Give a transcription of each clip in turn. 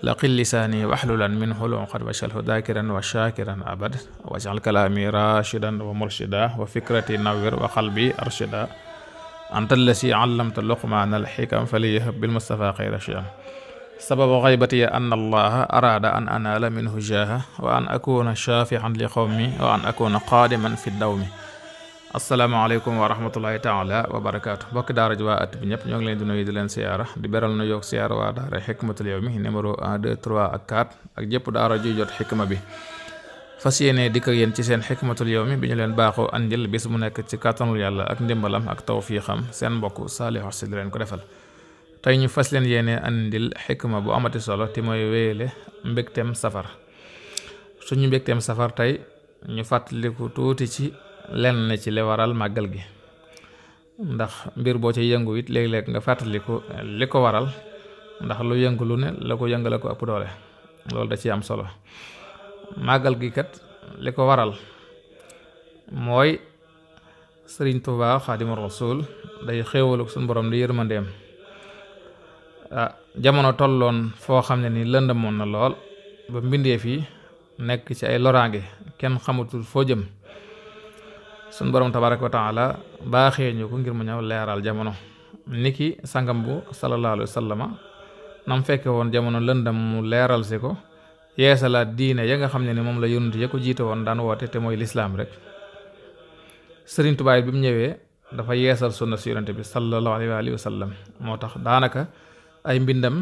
laqil lisaani waxlulan min xulun qad wacalhu daakiran wa shaakiran abad wajaal kalaami rashidan wa murshida wa fikrati nawir wa qalbi arshida anta allasi allamta luqmaana alxikam faliyahab bilmustafa xayra shian sababu xaybati an allaha araada an anaala minhu jaaha wa an akuna shaafian li qawmi wa an akuna qaadiman fi dawmi asalaamaaleykum wa rahmatullahi taala wa barakaatu mbokki daara ji waa at bi ñëpp ñoo ngi leen di nuyu di leen siyaara di beral nu yoog siyaara waa daara xikmatul yawmi numéro 1 ak 4 ak jëpp daara ju jot xikma bi fas yéene dikk ak yéen ci seen xikmatul yawmi bi ñu leen baaxoo andil bis mu nekk ci kàttanul yàlla ak ndimbalam ak tawfiixam seen mbokk Saliou Sy di leen ko defal tey ñu fas leen yéene andil xikma bu amati solo te mooy wéyale mbégteem safar suñu mbégteem safar tey ñu fàttaliku tuuti ci lenn na ci li waral màggal gi ndax mbir boo ca yëngu it léeg-léeg nga fàttaliku eh, li ko waral ndax lu yëngu ne la ko yëngale ko ëpp doole loolu da ci am solo màggal gi kat li ko waral mooy sëriñ Tuubaa Xaadimu Rasuul day xéewaluk suñ borom di yërmandeem ah jamono tolloon foo xam ne ni lëndëmoon na lool ba mbindee fii nekk ci ay loraange kenn xamatul foo jëm suñ borom tabaraka wa taala baaxee ñu ko ngir mu ñëw leeral jamono niki sangam bu sallallahu alayhi wa sallama nam fekke woon jamono lëndam mu leeral si ko yeesalaat diine ya nga xam ne ni moom la yonent ya ko jiite woon daan woote te mooy lislaam rek Sëriñ Tuubaa bi mu ñëwee dafa yeesal sunna si yonent bi sallallahu alayhi wa sallam moo tax daanaka ay mbindam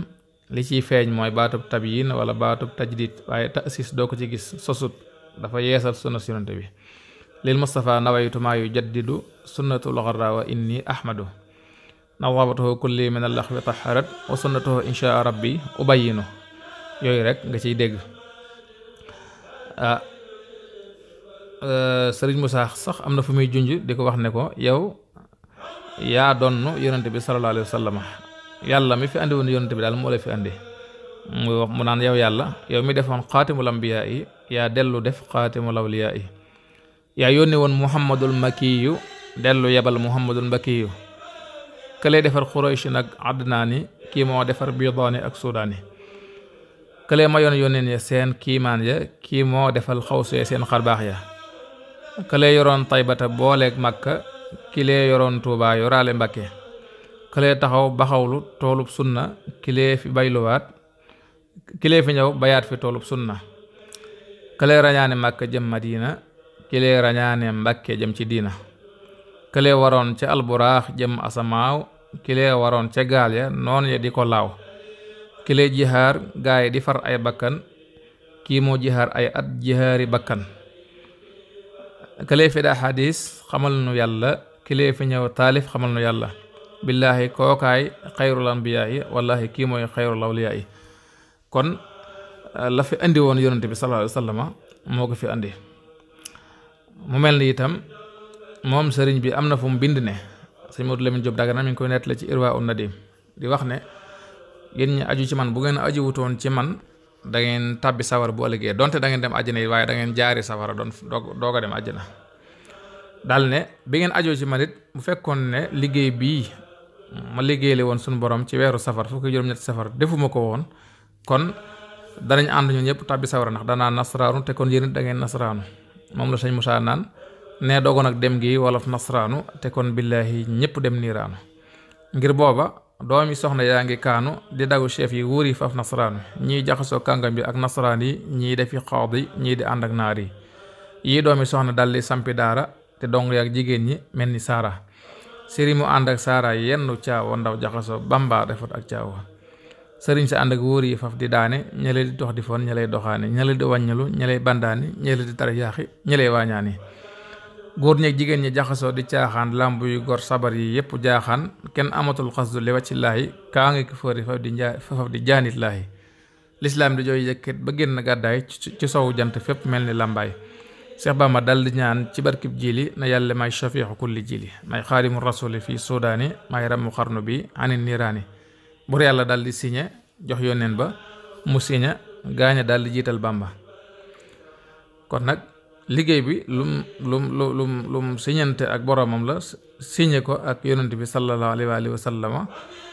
li ciy feeñ mooy baatub tabyin wala baatub tajdid waaye tasis doo ko ci gis sosut dafa yeesal sunna si bi lil Mustafa nawaytu maa yu jaddidu sunnatul xarra wa inni ahmadu nawabatuhu kulli min allaxwi taharat wa sunnatuhu insha rabbi ubayinu yooyu rek nga ciy dégg ah, ah sëriñ Moussa sax am na fu muy junj di ko wax ne ko yow yaa donn yonante bi sallallahu alayhi wa sallam yàlla mi fi andi yonante bi daal moo la fi andi mu naan yow yàlla yow mi defoon xaatimul ambiyaa yi yaa dellu def xaatimul awliyaa yi yaa yónni woon muhammadul makiyu dellu yebal muhammadul makiyu kële defar Quraysh nag Adnaani kii moo defar Bidaani ak Sudaani kële ma yoon ya seen kiimaan ya kii moo defal xaw seen xarbaax ya kële yoroon taybata booleeg Makka kilee yoroon Tuubaa yoraale Mbàkke kële taxaw baxawlu toolub sunna kilee fi bayluwaat kilee fi ñëw bayaat fi toolub sunna kële rañaane Makka jëm Madina kilee rañaane mbàkke jëm ci diina këlee waroon ca alburaax jëm asamaaw kilee waroon ca gaal ya noonu ya di ko laaw kilee jihaar gaay di far ay bakkan kii moo jihaar ay at jihaari bakkan këlee fi daa xadis xamal nu yàlla kilee fi ñëw taalif xamal nu yàlla billaahi kookaay xayrul anbiyaa wallaahi kii mooy xayrul awliyaa kon la fi indi woon yonent bi sallallaahu alayhi moo ko fi indi mu mel ni itam moom sëriñ bi am na fu mu bind ne sëñ Modou Lamine Diop Dagana mi ngi koy nettali ci Irwa na Nadim di wax ne yéen ñi aju ci man bu ngeen aju wutoon ci man da ngeen tàbbi sawar bu ëllëgee donte da ngeen dem àjjana yi waaye da ngeen jaari safara doon doog a dem àjjana dal ne bi ngeen ajoo ci man it bu fekkoon ne liggéey bii ma liggéeyale woon suñu borom ci weeru safar fukki juróom-ñetti safar defuma ko woon kon danañ ànd ñun ñëpp tàbbi sawara ndax danaa nasraanu te kon yéen da ngeen nasraanu moom la sëñ Moussa naan ne dogoon ak dem gi wolof nasraanu te kon billaahi ñëpp dem niiraanu ngir booba doomi soxna yaa ngi kaanu di dagu chef yi wuur yi faf nasraanu ñiy jaxasoo kàngam bi ak nasaraan yi ñiy defi xawd yi ñii di ànd ak naar yi yii doom doomi soxna daldi sampi daara te dong yaak jigéen ñi mel ni saara siri mu ànd ak saara yenn caawa ndaw jaxasoo bamba defat ak caawa sëriñ si ànd ak wóor yi faf di daane ña lay di dox di fon ña doxaane ña di wàññilu ña lay bandaani ña lay di tariyaaxi ña lay waañaani góor ñeeg jigéen ñi jaxasoo di jaaxaan làmb yu gor sabar yi yépp jaaxaan kenn amatul xasdu li wàcci laahi kaa nga ki fëri faf di njaa jaanit laahi lislaam di jooy yëkkat ba génn gàddaay ci sowu jant fépp mel ni làmbaay Cheikh Bamba ma di ñaan ci barkib jili na yàlla may shafiixu kulli jili may fii suudaani may ramu xarnu bi anin niiraani buur yàlla daal di signé jox yónneen ba mu signé gaaña daal di jiital Bàmba kon nag liggéey bi lum lum lu lum lum siñante ak boroomam la signé ko ak yonent bi sallallahu alayhi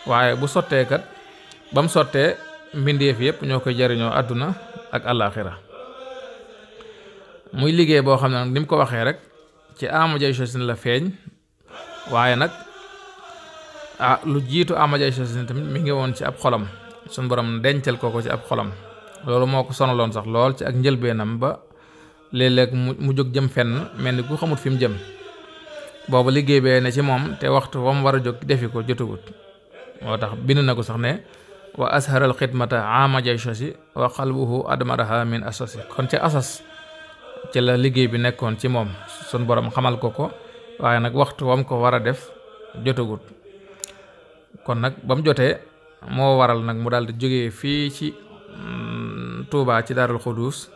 waaye bu sottee kat ba mu sottee mbindeef yëpp ñoo koy jariñoo àdduna ak àllaaxira muy liggéey boo xam ne nag ni mu ko waxee rek ci amu jay sosin la feeñ waaye nag ah lu jiitu Ahmadu Aïcha Sall tamit mi ngi woon ci ab xolam suñu borom dencal ko ko ci ab xolam loolu moo ko sonaloon sax lool ci ak njëlbeenam ba léeg-léeg mu mu jóg jëm fenn mel ni ku xamut fi mu jëm boobu liggéey bee ne ci moom te waxtu ba mu war a jóg defi ko jotugut moo tax bind na ko sax ne wa asharal xidmata ama jaysosi wa xalbuhu admaraha min asosi kon ci asas ci la liggéey bi nekkoon ci moom sun borom xamal ko ko waaye nag waxtu wam ko war a def jotugut kon nag ba mu jotee moo waral nag mu daal di jógee fii ci mm, Touba ci Daarul Xuduus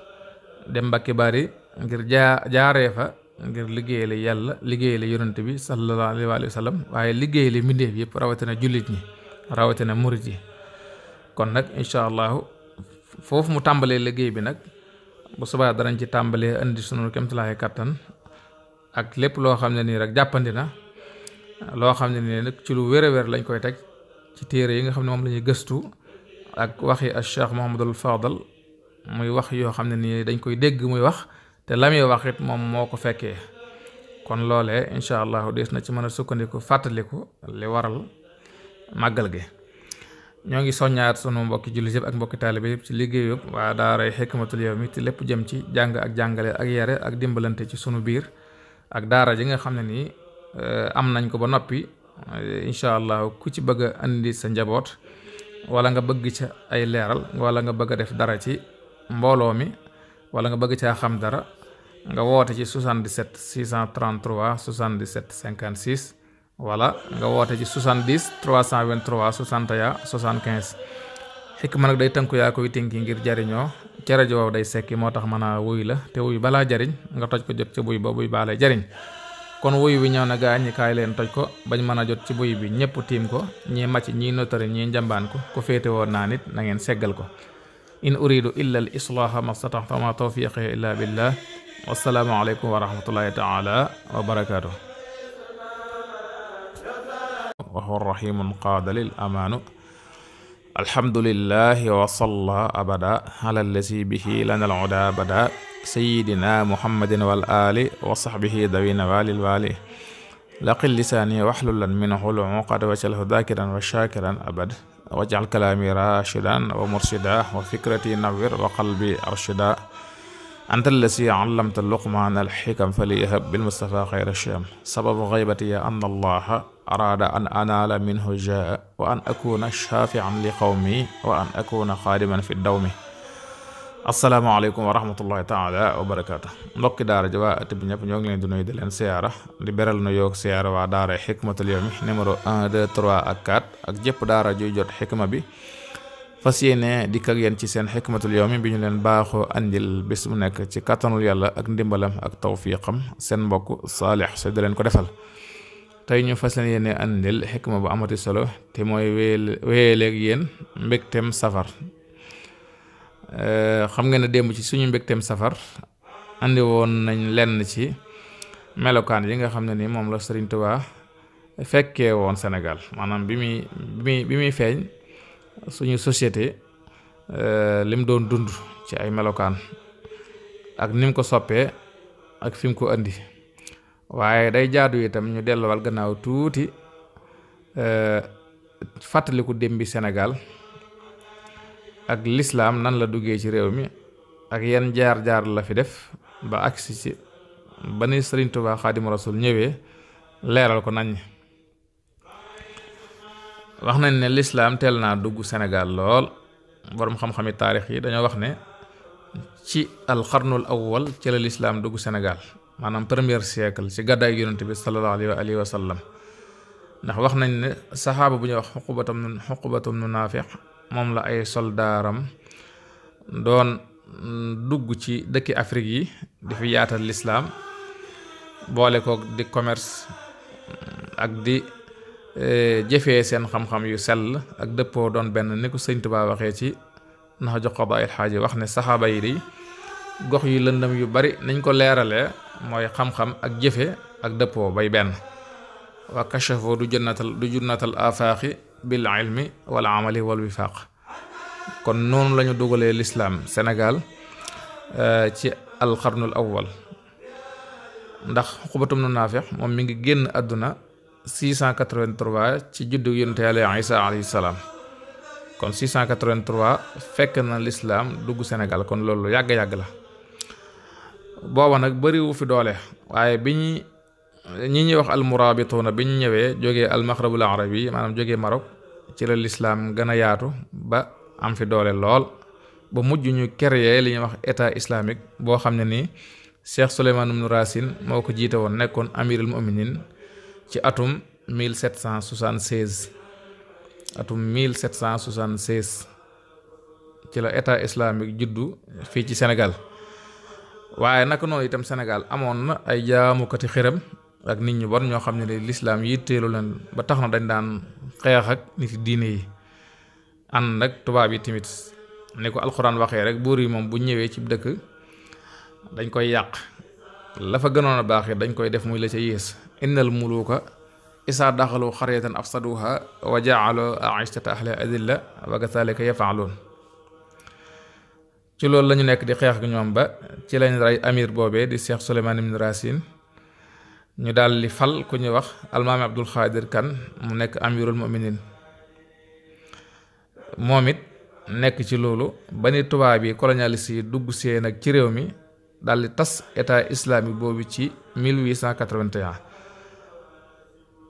dem Mbàkke Bari ngir jaa jaaree fa ngir liggéeyale yàlla liggéeyale yonante bi sallallahu alayhi wa sallam waaye liggéeyale mbindeef yëpp rawatina jullit ñi rawatina murit yi kon nag incha allahu foofu mu tàmbalee liggéey bi nag bu subaa danañ ci tàmbalee indi sunu kemtalaaye kàttan ak lépp loo xam ne nii rek jàppandi na loo xam ne nii nag ci lu wér a wér lañ koy teg ci téere yi nga xam ne moom la ñuy gëstu ak waxi al Cheikh Mouhamadul Fadal muy wax yoo xam ne nii dañ koy dégg muy wax te la muy wax it moom moo ko fekkee kon loole incha allahu des na ci mën a sukkandiku fàttaliku li waral màggal gi. ñoo ngi soññaat sunu mbokki jullit yëpp ak mbokki taalibe yëpp ci liggéey yëpp waa daaray Hikmatul Yawmi te lépp jëm ci jàng ak jàngale ak yare ak dimbalante ci sunu biir ak daara ji xam ne nii. Euh, am nañ ko ba noppi euh, incha allah ku ci bëgg a indi sa njaboot wala nga bëgg ca ay leeral wala nga bëgg a def dara ci mbooloo mi wala nga bëgg caa xam dara nga woote ci 77 633 77 56 wala nga woote ci 70 323 61 75 xikma nag day tënku yaa koy tinki ngir jariñoo ca rajo day sekki moo tax mën a wuy la te wuy balaa jariñ nga toj ko jot ca buy ba buy baalee jariñ kon wuy wi ñëw na gaa leen toj ko bañ mën a jot ci buy bi ñëpp tiim ko ñii màcc ñii notari ñii njambaan ko ku féete woon naa nit nangeen ngeen seggal ko in uridu illa al islaaha mastataxta ma tawfiqi illa billah wassalaamu aleykum wa rahmatullahi taala wa barakaatu wa qaada lil amaanu alhamdulillahi wa salla abada ala allazi bihi lana al uda bada sayidina muhammadin wal ali wa sahbihi dawina walil wali laqil lisaani waxlulan min xulu muqad wacalhu dakiran wa shakiran abad wajal kalaami rashidan wa mursida wa fikrati nawir wa qalbi arshida anta allasi allamta luqman alxikam faliyahab bilmustafa xayra sham sababu xaybati ya anna allaha araada an anaala minhu jaa wa an akuna shafian li qawmi wa an akuna xaadiman fi dawmi asalaamaaleykum wa rahmatullahi taala wa barakaatu mbokki daara ji waa at bi ñëpp ñoo ngi leen di nuyu di leen siyaara di beral nu yoog siyaara waa daara xikmatul yawmi numéro 1 2 3 ak 4 ak jëpp daara juy jot xikma bi fas yéene dikk ak yéen ci seen xikmatul yawmi bi ñu leen baaxoo andil bis mu nekk ci kattanul yàlla ak ndimbalam ak tawfiqam seen mbokk saalix so di leen ko defal tey ñu fas leen yéene andil xikma bu amati solo te mooy wéyaleeg yéen mbégteem safar Euh, xam nga ne démb ci suñu mbégteem safar andi woon nañ lenn ci melokaan yi nga xam ne ni moom la Serigne Touba fekkee woon senegal maanaam bi muy bi muy bi muy feeñ suñu société euh, lim doon dund ci ay melokaan ak ni ko soppee ak fi ko indi waaye day jaadu itam ñu delluwal gannaaw tuuti euh, fàttaliku démbi senegal ak lislaam nan la duggee ci réew mi ak yenn jaar-jaar la fi def ba agsi ci ba ni Sëriñ tubaa Xaadimu Rasuul ñëwee leeral ko nañ wax nañ ne lislaam teel naa dugg Sénégal lool boroom xam-xami taarix yi dañoo wax ne ci alxarnul awwal ci la lislaam dugg Sénégal maanaam premier siècle ci gàddaay yonent bi sallallahu alayhi wa ndax wax nañ ne saxaaba bu ñuy wax xuqubatam xuqubatam nu moom la ay soldaaram doon dugg ci dëkki Afrique yi di fi yaatal lislaam boole ko di commerce mm, ak di eh, jëfee seen xam-xam yu sell ak dëppoo doon benn ni ko sëñ Tuubaa waxee ci ndax jox xabaay xaaji wax ne saxaaba yi di gox yi lëndëm yu bari niñ ko leerale mooy xam-xam ak jëfe ak dëppoo bay benn waa kashafu du junnatal du junnatal afaaxi bil ilmi wal amali wal wifaaq kon noonu lañu dugalee lislaam Sénégal euh, ci alxarnul awwal ndax xubatum nu naafix moom mi ngi génn àdduna 683 ci juddu yonent yàlla Isa alayhi salaam kon 683 fekk na lislaam dugg Sénégal kon loolu yàgg-yàgg la booba nag bariwu fi doole waaye bi ñuy ñi ñuy wax almurabituuna bi ñu ñëwee jógee almaxrabul arabi maanaam jógee Maroc ci la lislaam gën a yaatu ba am fi doole lool ba mujj ñu créer li ñuy wax état islamique boo xam ne ni Cheikh Souleymane ibn Racine moo ko jiite woon nekkoon amirul muminin ci atum 1776 atum 1776 ci la état islamique juddu fii ci senegal waaye naka noonu itam Sénégal amoon na ay jaamukati xërëm ak nit ñi bon ñoo xam ne de lislaam yitteelu leen ba tax na dañ daan xeex ak nit diine yi ànd ak tubaab yi tamit ni ko alxuraan waxee rek buur yi moom bu ñëwee ci dëkk dañ koy yàq la fa gënoon a baaxee dañ koy def muy la ca yées indal muluuka isaa daxalu xaryatan afsaduha wa jaalu aishtata ahli adilla wa katalika yafaaloon ci loolu lañu nekk di xeex ak ñoom ba ci lañ rey amir boobee di Cheikh Souleymane Ibn Racine ñu daal di fal ku ñuy wax almaami abdul xaadir kan mu nekk amirul muminin moom it nekk ci loolu ba ni tubaab yi colonialiste yi dugg see nag ci réew mi daal di tas état islamique boobu ci 1881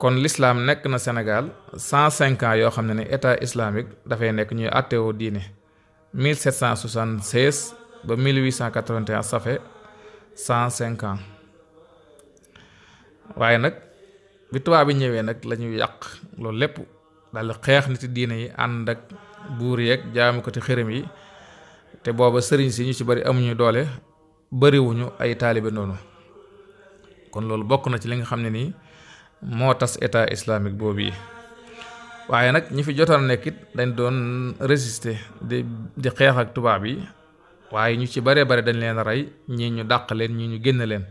kon lislaam nekk na Sénégal 105 ans yoo xam ne ne état islamique dafay nekk ñuy àtteewoo diine 1776 ba 1881 ça fait 105 ans. waaye nag bi tubaab bi ñëwee nag la ñu yàq loolu lépp daal di xeex nit diine yi ànd ak buur yeeg jaamukati xërëm yi te booba sëriñ si ñu ci bari amuñu doole bariwuñu ay taalibe noonu kon loolu bokk na ci li nga xam ne nii moo tas état islamique boobu yi waaye nag ñi fi jotoon nekk it dañ doon résister di di xeex ak tubaab yi waaye ñu ci bare bare dañ leen rey ñii ñu dàq leen ñii ñu génn leen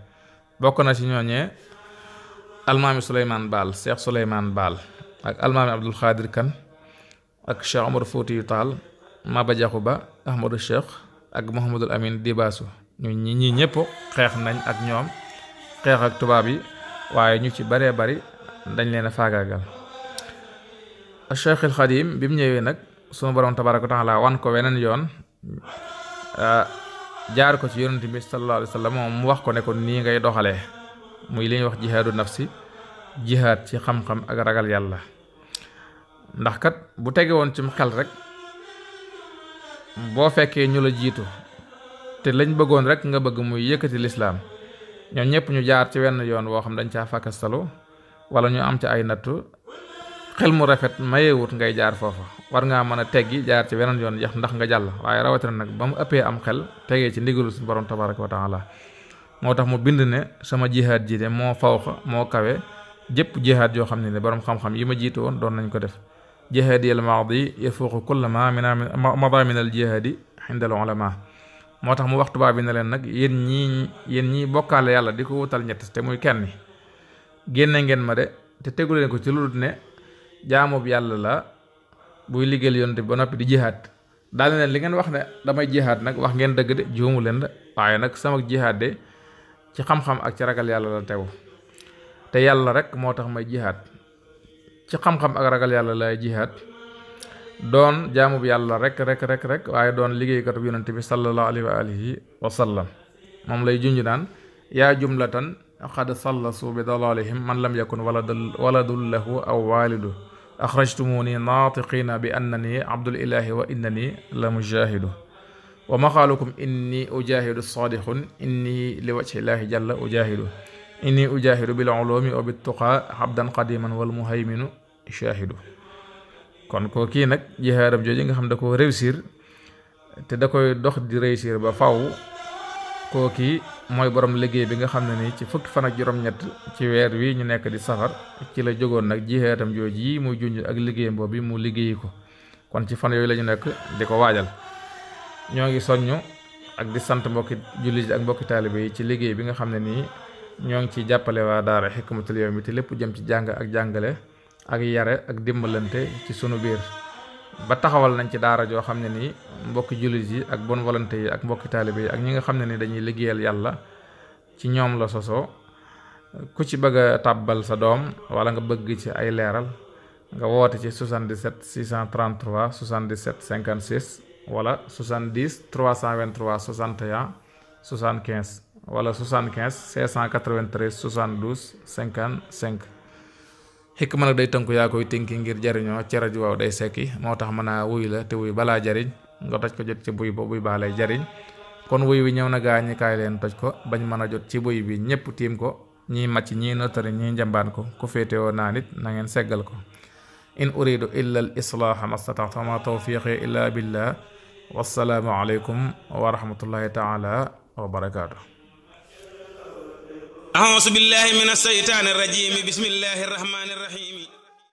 bokk na ci ñooñee almaami Souleymane Baal Cheikh Souleymane Baal ak almaami Abdul Xaadir Kan ak Cheikh Omar Fouti Taal Maba Ba Ahmadou Cheikh ak Mouhamadul Amin Dibaasu ñu ñi ñii xeex nañ ak ñoom xeex ak tubaab yi waaye ñu ci baree bari dañ leen a faagaagal Cheikh al bi mu ñëwee nag sunu borom tabaraka wan ko weneen yoon ah, jaar ko ci yonent bi sallallahu alayhi mu wax ko ne ko nii ngay doxalee muy li ñuy wax jihaadu nafsi jihaad ci xam-xam ak ragal yàlla ndax kat bu tege woon cim xel rek boo fekkee ñu la jiitu te lañ bëggoon rek nga bëgg muy yëkkati lislaam ñoo ñëpp ñu jaar ci wenn yoon woo xam dañ caa fakkastalu wala ñu am ci ay nattu xel mu rafet wut ngay jaar foofa war ngaa mën a teggi jaar ci weneen yoon yax ndax nga jàll waaye rawatina nag ba mu ëppee am xel tegee ci ndigalu suñu borom tabaraka wa taala moo tax mu bind ne sama jihaad ji de moo fawxa moo kawe jëpp jihaad yoo xam ne ne boroom xam-xam yi ma jiite woon doon nañ ko def jihaad yi al maadi yafuuqu ma mina madaamin al jihaadi inda al ulama moo tax mu wax tubaab bi na leen nag yéen ñi yéen ñii bokkaale yàlla di ko wutal ñett te muy kenn génne ngeen ma de te tegu ko ci lu dul ne jaamub yàlla la buy liggéeyal yonte ba noppi di jihaad daal leen li ngeen wax ne damay jihaad nag wax ngeen dëgg de juumu leen waaye nag sama jihaad de ci xam-xam ak ci ragal yàlla la tegu te yàlla rek moo tax may jihaad ci xam-xam ak ragal yàlla lay jihaad doon jaamub yàlla rek rek rek rek waaye doon liggéeykatub yonante bi sallallahu alayhi wa alihi wa sallam moom lay junj naan yaa jumlatan qad sallasu bi dalalihim man lam yakun waladul waladul lahu aw walidu axrajtumuni naatiqina bi annani abdul ilahi wa innani la mujahidu wa maqaalukum inni ujahidu saadixun inni li wajhillaahi jalla ujahidu inni ujahidu bil ulumi wa bit tuqa abdan qadiman wal muhayminu shahidu kon ko kii nag jihaaram jooju nga xam da ko réussir te da koy dox di réussir ba faw kooki mooy borom liggéey bi nga xam ne ni ci fukki fan ak juróom-ñett ci weer wi ñu nekk di safar ci la jógoon nag jihaatam jooj yi muy junj ak liggéeyam bi mu liggéey ko kon ci fan yooyu lañu ñu nekk di ko waajal ñoo ngi soññu ak di sant mbokki jullit yi ak mbokki taalibe yi ci liggéey bi nga xam ne nii ñoo ngi ciy jàppale waa daara Hikmatul bi te lépp jëm ci jàng ak jàngale ak yare ak dimbalante ci sunu biir ba taxawal nañ ci daara joo xam ne nii mbokki jullit yi ak bon volonté yi ak mbokki taalibe yi ak ñi nga xam ne ni dañuy liggéeyal yàlla ci ñoom la sosoo ku ci bëgg a tàbbal sa doom wala nga bëgg ci ay leeral nga woote ci 77 633 77 56 cent wala 70 323 61 75 wala 75 693 72 55. mën nag day tënk yaa koy tënki ngir jariñoo ci rajo waaw day sekki moo tax mën a wuy la te wuy balaa jariñ nga toj ko jot ci buy ba buy baa lay jariñ kon wuy wi ñëw na gaa leen toj ko bañ mën a jot ci buy bi ñépp tiim ko ñi màcc ñi notari ñii njambaan ko ku woon naa nit nangeen ngeen ko in wassalaamu aleykum wa rahmatullahi taala wa barakaatu ausu billahi min alseytaani arrajim bismillahi arrahmani arrahim